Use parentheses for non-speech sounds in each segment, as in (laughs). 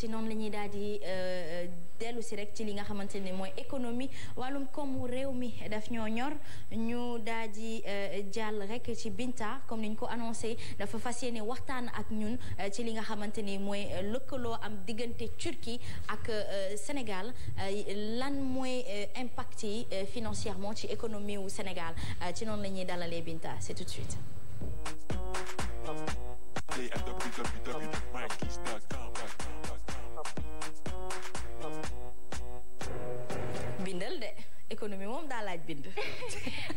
ci noonu la ñuy daal di dellu si rek ci li nga xamante ni mooy économie wàllum koomu réew mi daf ñoo ñor ñu daal di jàll rek ci Binta comme ni ñu ko annoncé dafa fas yéene waxtaan ak ñun ci li nga xamante ni mooy lëkkaloo am diggante Turquie ak Sénégal lan mooy impact yi financièrement ci économie wu Sénégal ci noonu la ñuy dalalee Binta c'est tout de suite. économie moom daa laaj bind. (laughs)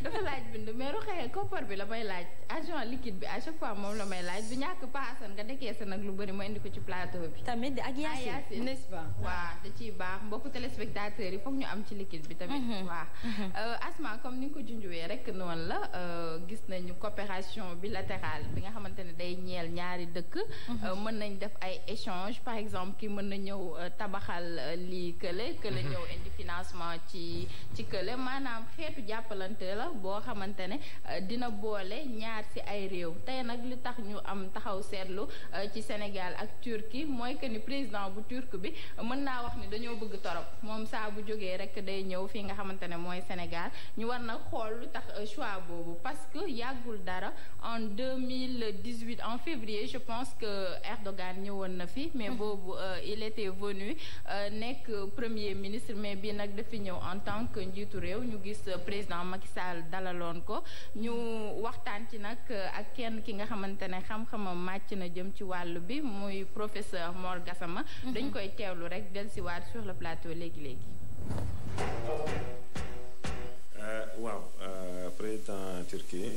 dafa laaj bind mais Rokhaya koppar bi la may laaj agent liquide bi à chaque fois moom la may laaj bi ñàkk paasan nga décaissé nag lu bëri ma indi ko ci plateau bi. tamit ak ah, Yacine n'est-ce pas. ciy baax mbokku téléspectateurs yi foog ñu am ci liquide bi tamit. Mhm. waaw mhm. Euh, Asma comme ni nga ko junjuwee rek noonu la euh, gis nañu coopération bilatérale bi nga xamante ne day ñeel ñaari dëkk. Mhm. Euh, mën nañ def ay échange par exemple ki mën na ñëw tabaxal lii kële kële ñëw indi financement ci ci. lëkkale maanaam xeetu jàppalante la boo xamante ne euh, dina boole ñaar ci ay réew tey nag li tax ñu am taxaw seetlu euh, ci Sénégal ak Turquie mooy que ni président bu turc bi mën naa wax ni dañoo bëgg torop moom saa bu jógee rek day ñëw fii nga xamante ne mooy Sénégal ñu war nag xool lu tax euh, choix boobu parce que yàggul dara en deux mille dix-huit en février je pense que Erdogan ñëwoon na fi mais mm-hmm. boobu il était venu nekk premier ministre mais bi nag dafi ñëw en tant que njiitu réew ñu gis euh, président Macky Sall dalaloon ko ñu waxtaan ci nag euh, ak kenn ki nga xamante ne xam-xamam màcc na jëm ci wàll bi muy professeur Mor Gassama mm-hmm. dañ koy teewlu rek dellusiwaat sur le plateau léegi léegi. Euh, waaw président Turquie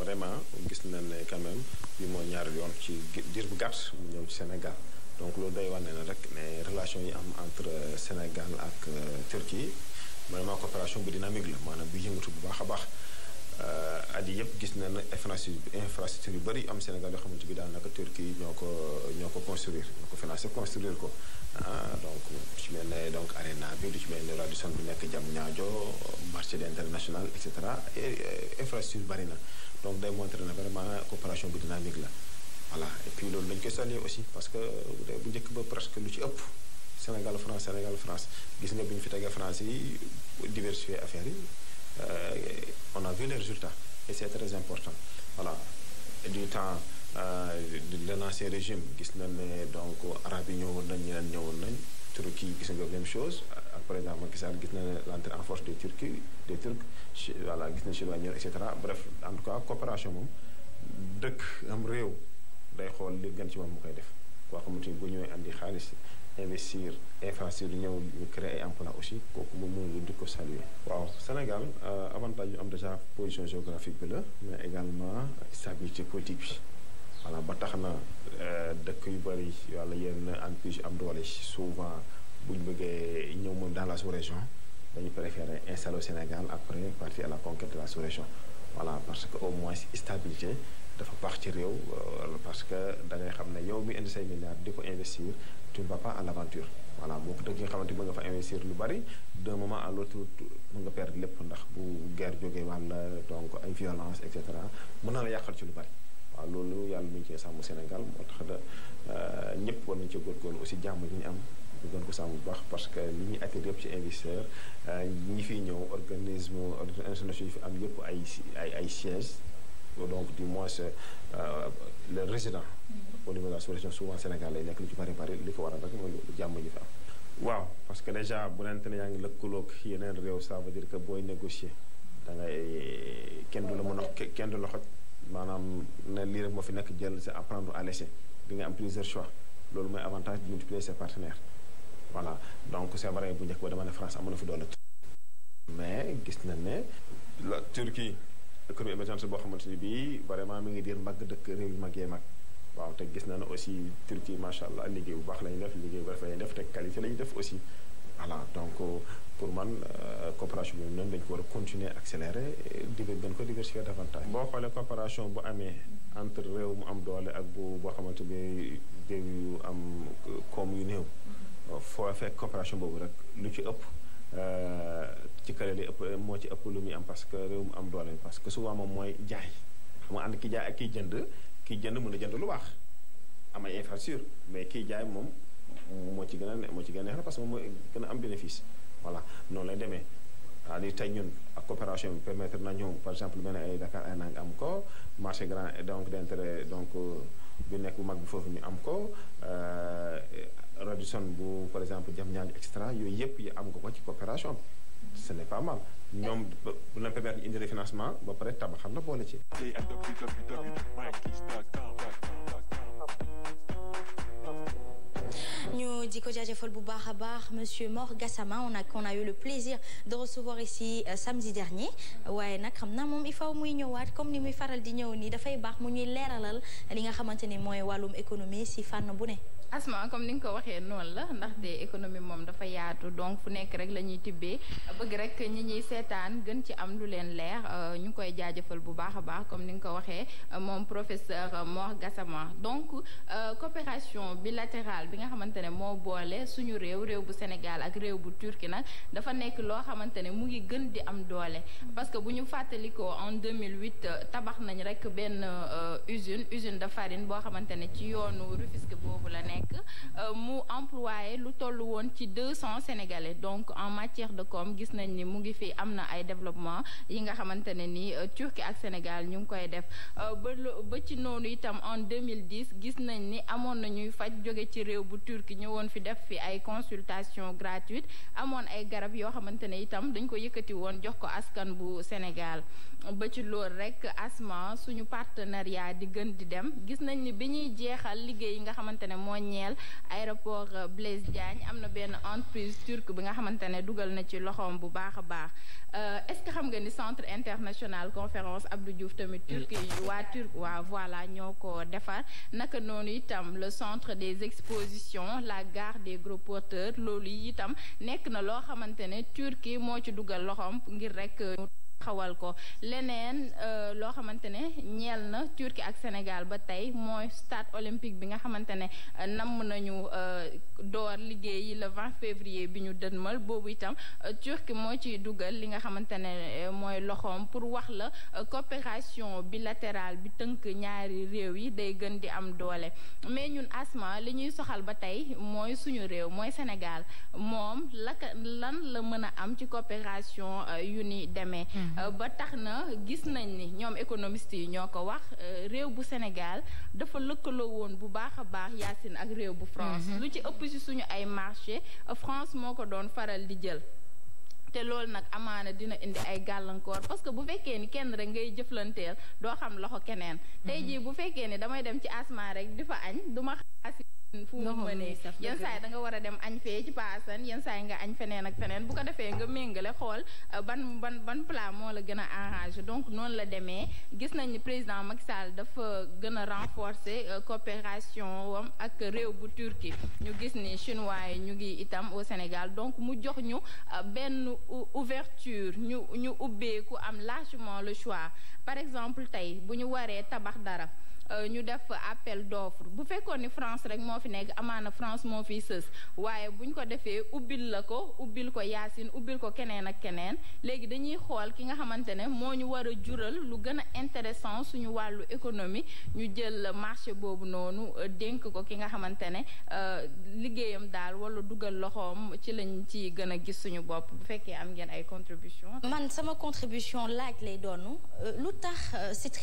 vraiment gis na ne quand même moo ñaar yoon ci diir bu gàtt mu ñëw ci Sénégal donc loolu day wane ne rek ne relation yi am entre Sénégal ak Turquie maanaam coopération bu dynamique la maanaam bi yëngatu bu baax a baax euh, at yëpp gis na na infrastructure yu bëri am Sénégal yoo xamante bi daanaka Turquie ñoo ko ñoo ko construire ñoo ko financé construire ko ah, donc ci mel ne donc arena bi du ci mel ne Radisson bu nekk jam ñaajo marché international et cetera infrastructure bëri na donc day montré na vraiment coopération bu dynamique la voilà et puis loolu nañ koy saluer aussi parce que bu njëkk ba presque lu ci ëpp Sénégal France Sénégal France gis nga bi ñu fi tegee France yi diversifier affaire yi euh, on a vu les résultats et c'est très important voilà du temps euh, de l'ancien régime gis na ne donc arabes yi ñëwoon nañ ñeneen ñëwoon nañ Turquie gis nga même chose ak président Macky gis na ne l'entrée en force des Turcs des Turcs voilà gis na chinois ñëw et cetera bref en tout cas coopération moom dëkk am réew day xool li gën ci moom mu koy def koo xamante ni bu ñëwee andi xaalis investir infrastructure ñëw ñu créer ay emploi aussi kooku moom mooy du ko saluer. waaw Sénégal euh, avantage yu am déjà position géographique bi la mais également stabilité politique bi voilà ba tax na euh, dëkk yu bëri wala yenn entreprise yu am doole souvent bu ñu bëggee ñëw moom dans la sous-région dañu préférer installer au Sénégal après partir à la conquête de la sous-région. voilà parce que au moins stabilité dafa baax ci réew euh, parce que da ngay xam ne yow mi indi say milliards di ko investir tu ne vas pas à l'aventure boo ko tëg nga xamante mën nga fa investir lu bari d'un moment à l'autre mën nga perdre lépp ndax bu guerre jógee wàlla donc ay violence et cetera mën na la yàqal ci lu bari waaw loolu yàlla mu ngi cee sàmm Sénégal moo tax da euh, ñëpp war nañu cee góorgóorlu aussi jàmm ji ñu am ñu gën ko sàmm bu baax parce que li ñuy attiré yëpp ci investisseur euh, ñi fi ñëw organisme internationaux yi yëpp ay ay ay sièges donc du moins euh, le résident au la sous-région souvent Sénégal nekk lu ci bari bari li ko waral rek mooy jàmm ji fi am waaw parce que déjà bu nente ne yaa ngi lëkkaloog yeneen réew ça veut dire que booy négocier dangay kenn du la mën a kenn du la xoj maanaam ne lii rek moo fi nekk jël si apprendre à laisser di nga am plusieurs choix loolu mooy avantage de multiplier ses partenaires voilà donc c'est vrai bu njëkk ba dama ne France amoon na fi doole mais gis na ne la Turquie économie émergente boo xamante ni bii vraiment mi ngi diir mag dëkk réew yu mag mag waaw te gis ne aussi Turquie macha allah liggéey bu baax lañu ñu def liggéey ba rafet la ñu def te qualité la def aussi voilà donc pour man euh, coopération bi noonu lañ ko war a continuer accélérer diver gën ko diversifier davantage. boo xoolee coopération bu amee entre réew mu am doole ak bu boo xamante ni réew am euh, koom yu néew. foo fekk coopération boobu rek lu ci ëpp euh, ci kële ëpp moo ci ëpp lu muy am parce que réew mu am doole parce que souvent moom mooy jaay ànd ki jaay ak kiy jënd kiy jënd mën jënd lu baax am ay infrastructure mais kiy jaay moom moo ci gën moo ci gën parce que mooy gën am bénéfice voilà noonu lay demee. waaw ni tey ñun ak coopération bi permettre na ñoom par exemple mel ay Dakar ay nang am ko marché grand donc d'intérêt donc euh, bi nekk bu mag bi foofu ñu am ko. Euh, Radisson bu par exemple jam ñaani extra yooyu yëpp yi am nga ko ci coopération ce n'est pas mal ñoom bu la permettre ñu indi refinancement ba pare tabaxal la boole ci ñu di ko jaajëfal bu baax a baax monsieur Mor Gassama on a qu'on a eu le plaisir de recevoir ici euh, samedi dernier waaye nag xam naa moom il faut muy ñëwaat comme ni muy faral di ñëw nii dafay baax mu ñuy leeralal li nga xamante ni mooy wàllum économie si fànn bu ne asma comme ni nga ko waxee noonu la ndaxte économie moom dafa yaatu donc fu nekk rek la ñuy tibbee bëgg rek ñi ñuy seetaan gën ci am lu leen leer euh, ñu ngi koy jaajëfal bu baax a baax comme ni nga ko waxee euh, moom professeur euh, moo Gassama donc coopération bilatérale bi nga xamante ne moo boole suñu réew réew bu Sénégal ak réew bu Turquie nag dafa nekk loo xamante ne mu ngi gën di am doole parce que bu ñu fàttalikoo en 2008 tabax nañ rek benn usine usine de farine boo xamante ne ci yoonu Rufisque boobu la nekk nekk euh, mu employé lu toll woon ci deux cents sénégalais donc en matière de com gis nañ ni mu ngi fi am na ay développement yi nga xamante ne ni euh, Turquie ak Sénégal ñu ngi koy def euh, ba ba ci noonu itam en 2010 gis nañ ni amoon na ñuy faj jóge ci réew bu Turquie ñëwoon fi def fi ay consultation gratuite amoon ay garab yoo xamante ne itam dañ ko yëkkati woon jox ko askan bu Sénégal ba ci loolu asma suñu partenariat di gën di dem gis nañ ni bi ñuy jeexal liggéey yi nga xamante ñeel aéroport euh, Blaise Diagne am na benn entreprise turque bi nga xamante ne dugal na ci loxoom bu baax a baax euh, est-ce que xam nga ni centre international conférence Abdou Diouf tamit Turquie waa Turc waa voilà ñoo ko defar naka noonu itam le centre des expositions la gare des gros porteurs loolu itam nekk na loo xamante ne Turquie moo ci dugal loxoom ngir rek euh, xawal ko leneen euh, loo xamante ne ñeel na Turquie ak Sénégal ba tey mooy stade olympique bi nga xamante ne euh, namm nañu euh, door liggéey le 20 février bi ñu dënmal boobu itam Turquie moo ci dugal li nga xamante ne mooy loxoom pour wax la coopération bilatérale bi tënk ñaari réew yi day gën di am doole mais ñun asma li ñuy soxal ba tey mooy suñu réew mooy Sénégal moom laka lan la mën a am ci coopération yu ni demee hmm. Euh, ba tax na gis nañ ni ñoom économistes yi ñoo ko wax euh, réew bu Sénégal dafa lëkkaloo woon bu baax a baax Yacine ak réew bu France. Mm-hmm. lu ci ëpp si suñu ay marché euh, France moo ko doon faral di jël. te loolu nag amaana dina indi ay gàllankoor parce que bu fekkee ni kenn rek ngay jëflanteel doo xam loxo keneen. Mm-hmm. tey jii bu fekkee ni damay dem ci asma rek di fa añ duma xaasi fu mu mënee yenn saa yi da war a dem añ fee ci paasan yenn saa yi nga añ feneen ak feneen bu ko defee nga méngale xool euh, ban ban ban plat moo la gën a arrangé donc noonu la demee gis nañ ni président Macky Sall dafa gën a renforcer euh, coopération wam ak réew bu Turquie ñu gis ni chinois yi ñu ngi itam au Sénégal donc mu jox ñu euh, benn ouverture ñu ñu ubbeeku am largement le choix par exemple tey bu ñu waree tabax dara Euh, ñu def appel d'offre bu fekkoon ni France rek moo fi nekk amaana France moo fiy sës waaye buñ ko defee ubbil la ko ubbil ko Yacine ubbil ko keneen ak keneen léegi dañuy xool ki nga xamante ne moo ñu war a jural lu gën a intéressant suñu wàllu économie ñu jël marché boobu noonu euh, dénk ko ki nga xamante ne euh, liggéeyam daal wala dugal loxoom ci lañ ci gën a gis suñu bopp bu fekkee am ngeen ay contribution man sama contribution laaj lay doon lu tax c'est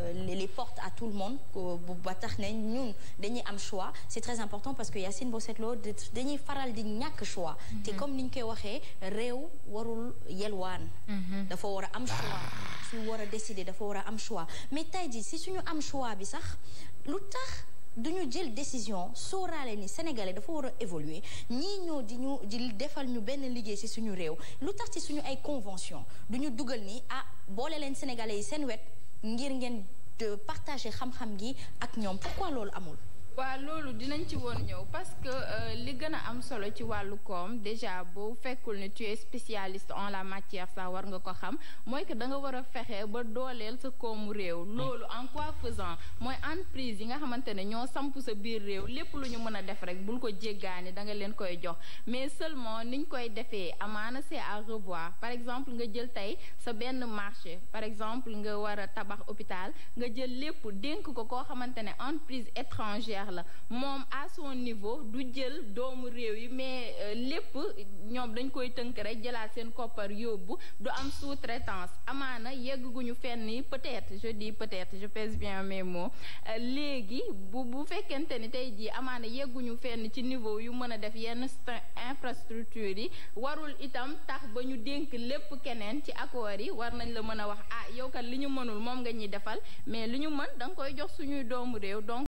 Euh, les, les à tout le monde bu ba tax ne ñun dañuy am choix c'est très important parce que Yacine Bosset Lo dañuy faral di ñàkk choix mm-hmm. te comme ni ñu koy waxee réew warul yelwaan mm-hmm. dafa war a am choix ah. su war a décider dafa war a am choix mais tey jii si suñu am choix bi sax lu tax duñu jël décision sóoraale ni sénégalais dafa war a évoluer ñii ñoo di ñu di defal ñu benn liggéey si suñu réew lu tax ci suñu ay convention duñu dugal nii ah boole leen sénégalais yi seen wet ngir ngeen euh, partager xam-xam gi ak ñoom pourquoi loolu amul. waa loolu dinañ ci woon ñëw parce que euh, li gën a am solo ci wàllu koom déjà boo fekkul ne tu es spécialiste en la matière sax war nga ko xam mooy que da nga war a fexe ba dooleel sa koomu réew loolu en quoi faisant mooy entreprise yi nga xamante ne ñoo samp sa biir réew lépp lu ñu mën a def rek bul ko jéggaani da nga leen koy jox mais seulement niñ koy defee amaana c'est à revoir par exemple nga jël tey sa benn marché par exemple nga war a tabax hôpital nga jël lépp dénk ko koo xamante ne entreprise étrangère ministère la moom à son niveau du jël doomu réew yi mais euh, lépp ñoom dañ koy tënk rek jëlaat seen koppar yóbbu du am sous-traitance amaana yegguñu fenn yi peut-être je dis peut-être je bien mais mots euh, léegi bu bu fekkente ni tey jii amaana yegguñu fenn ci niveau yu mën a def yenn infrastructure yi warul itam tax ba ñu dénk lépp keneen ci accord yi war nañ la mën a wax ah yow li ñu mënul moom nga ñuy defal mais li ñu mën da koy jox suñuy doomu réew donc